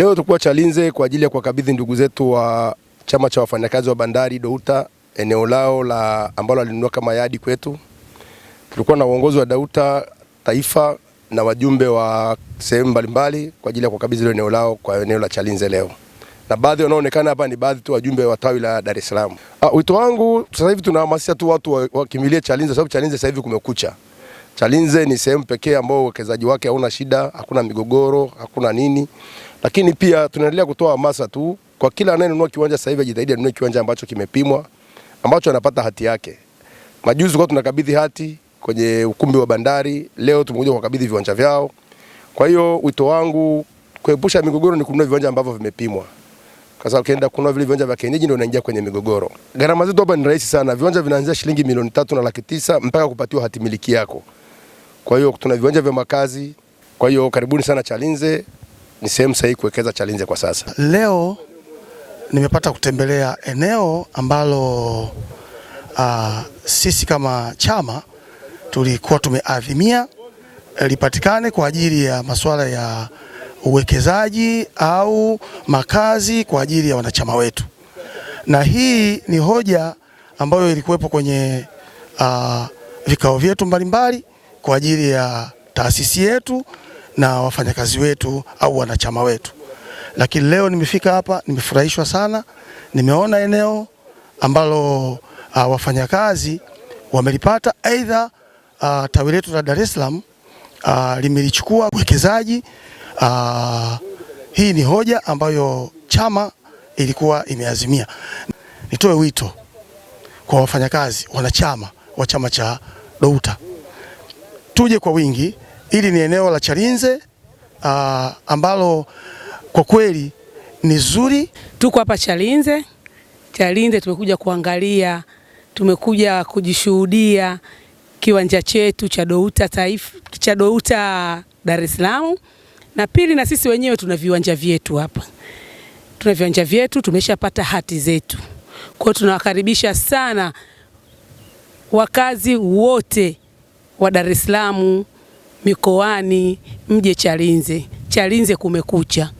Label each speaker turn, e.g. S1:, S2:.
S1: Leo tukua Chalinze kwa ajili ya kuwakabidhi ndugu zetu wa chama cha wafanyakazi wa bandari Douta eneo lao la ambalo alinunua kama yadi kwetu. Tulikuwa na uongozi wa Douta taifa na wajumbe wa sehemu mbalimbali kwa ajili ya kukabidhi hilo eneo lao kwa eneo la Chalinze leo, na baadhi wanaonekana hapa ni baadhi tu wajumbe wa tawi la Dar es Salaam. Ah, wito wangu sasa hivi tunahamasisha tu watu wakimbilie Chalinze, sababu Chalinze sasa hivi kumekucha. Chalinze ni sehemu pekee ambayo uwekezaji wake hauna shida, hakuna migogoro, hakuna nini. Lakini pia tunaendelea kutoa hamasa tu kwa kila anayenunua kiwanja sasa hivi ajitahidi anunue kiwanja ambacho kimepimwa, ambacho anapata hati yake. Majuzi kwa tunakabidhi hati kwenye ukumbi wa bandari, leo tumekuja kukabidhi viwanja vyao. Kwa hiyo wito wangu kuepusha migogoro ni kununua viwanja ambavyo vimepimwa. kwa sababu ukienda kununua vile viwanja vya kienyeji ndio unaingia kwenye migogoro. Gharama zetu hapa ni rahisi sana. Viwanja vinaanzia shilingi milioni tatu na laki tisa mpaka kupatiwa hatimiliki yako. Kwa hiyo tuna viwanja vya makazi. Kwa hiyo karibuni sana Chalinze ni sehemu sahihi kuwekeza Chalinze kwa sasa.
S2: Leo nimepata kutembelea eneo ambalo uh, sisi kama chama tulikuwa tumeadhimia eh, lipatikane kwa ajili ya masuala ya uwekezaji au makazi kwa ajili ya wanachama wetu, na hii ni hoja ambayo ilikuwepo kwenye uh, vikao vyetu mbalimbali kwa ajili ya taasisi yetu na wafanyakazi wetu au wanachama wetu. Lakini leo nimefika hapa, nimefurahishwa sana, nimeona eneo ambalo uh, wafanyakazi wamelipata, aidha uh, tawi letu la Dar es Salaam uh, limelichukua uwekezaji uh, hii ni hoja ambayo chama ilikuwa imeazimia. Nitoe wito kwa wafanyakazi wanachama wa chama cha Douta, tuje kwa wingi Hili ni eneo la Chalinze uh, ambalo kwa kweli ni zuri.
S3: Tuko hapa Chalinze. Chalinze tumekuja kuangalia, tumekuja kujishuhudia kiwanja chetu cha Douta Taifa, cha Douta Dar es Salaam, na pili na sisi wenyewe tuna viwanja vyetu hapa, tuna viwanja vyetu, tumeshapata hati zetu. Kwa hiyo tunawakaribisha sana wakazi wote wa Dar es Salaam mikoani, mje Chalinze. Chalinze kumekucha.